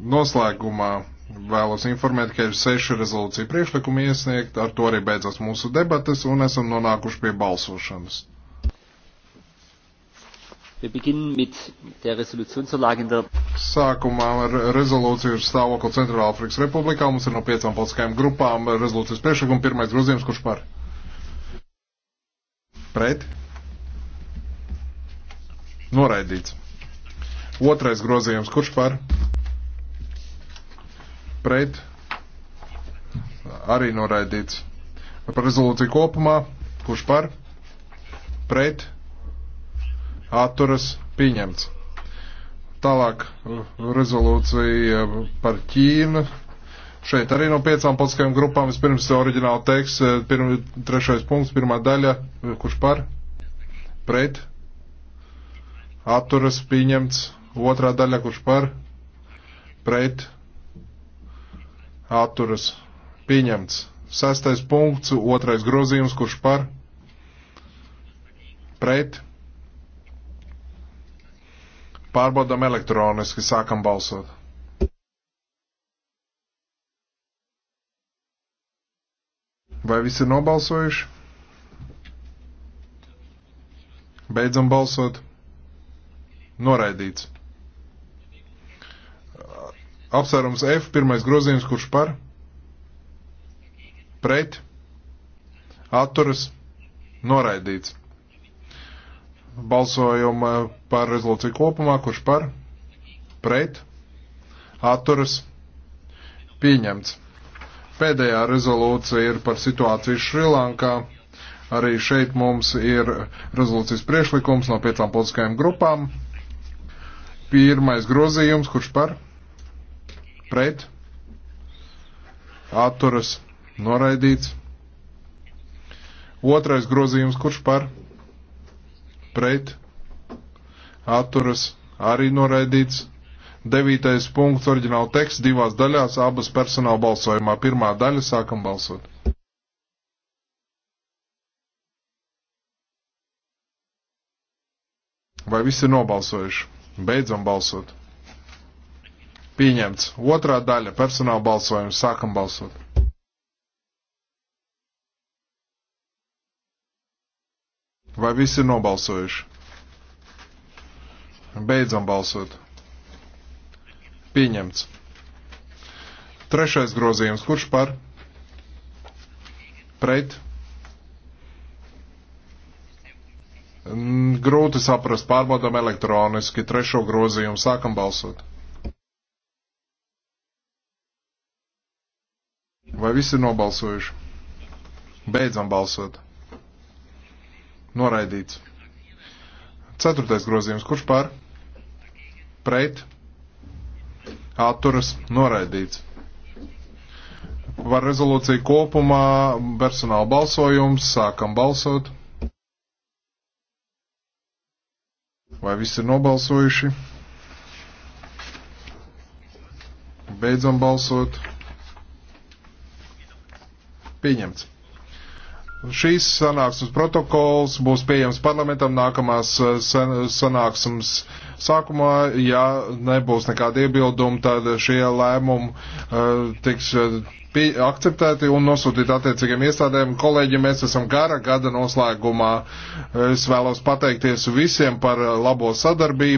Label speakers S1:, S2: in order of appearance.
S1: Noslēgumā vēlos informēt, ka ir seši rezolūcija priekšlikumi iesniegt, ar to arī beidzas mūsu debates un esam nonākuši pie balsošanas. Sākumā ar rezolūciju ir stāvokli Centrāla Afrikas Republikā. Mums ir no piecām politiskajām grupām rezolūcijas priekšlikuma. Pirmais grozījums, kurš par? Pret? Noraidīts. Otrais grozījums, kurš par? pret arī noraidīts. Par rezolūciju kopumā, kurš par, pret, atturas pieņemts. Tālāk uh, rezolūcija uh, par Ķīnu. Šeit arī no piecām politiskajām grupām vispirms oriģināla teksts, uh, pirm, trešais punkts, pirmā daļa, kurš par, pret, atturas pieņemts, otrā daļa, kurš par, pret, atturas pieņemts atturas pieņemts. Sastais punkts, otrais grozījums, kurš par pret. Pārbaudam elektroniski, sākam balsot. Vai visi ir nobalsojuši? Beidzam balsot. Noraidīts. Apsvērums F, pirmais grozījums, kurš par? Pret? Atturas? Noraidīts. Balsojam par rezolūciju kopumā, kurš par? Pret? Atturas? Pieņemts. Pēdējā rezolūcija ir par situāciju Šrilankā. Arī šeit mums ir rezolūcijas priešlikums no piecām politiskajām grupām. Pirmais grozījums, kurš par? pret, atturas, noraidīts. Otrais grozījums, kurš par, pret, atturas, arī noraidīts. Devītais punkts, oriģināla teksts, divās daļās, abas personāla balsojumā. Pirmā daļa, sākam balsot. Vai visi ir nobalsojuši? Beidzam balsot. Pieņemts. Otrā daļa - personāla balsojums. Sākam balsot. Vai visi ir nobalsojuši? Beidzam balsot. Pieņemts. Trešais grozījums. Kurš par? Pret? Grūti saprast. Pārbaudam elektroniski. Trešo grozījumu. Sākam balsot. Vai visi ir nobalsojuši? Beidzam balsot. Noraidīts. Ceturtais grozījums. Kurš pār? Pret. Atturas. Noraidīts. Var rezolūcija kopumā, personāla balsojums, sākam balsot. Vai visi ir nobalsojuši? Beidzam balsot. Pieņemts. Šīs sanāksmes protokols būs pieejams parlamentam nākamās uh, sanāksmes sākumā. Ja nebūs nekāda iebilduma, tad šie lēmumi uh, tiks uh, pie, akceptēti un nosūtīti attiecīgiem iestādēm. Kolēģi, mēs esam gara gada noslēgumā. Es vēlos pateikties visiem par uh, labo sadarbību.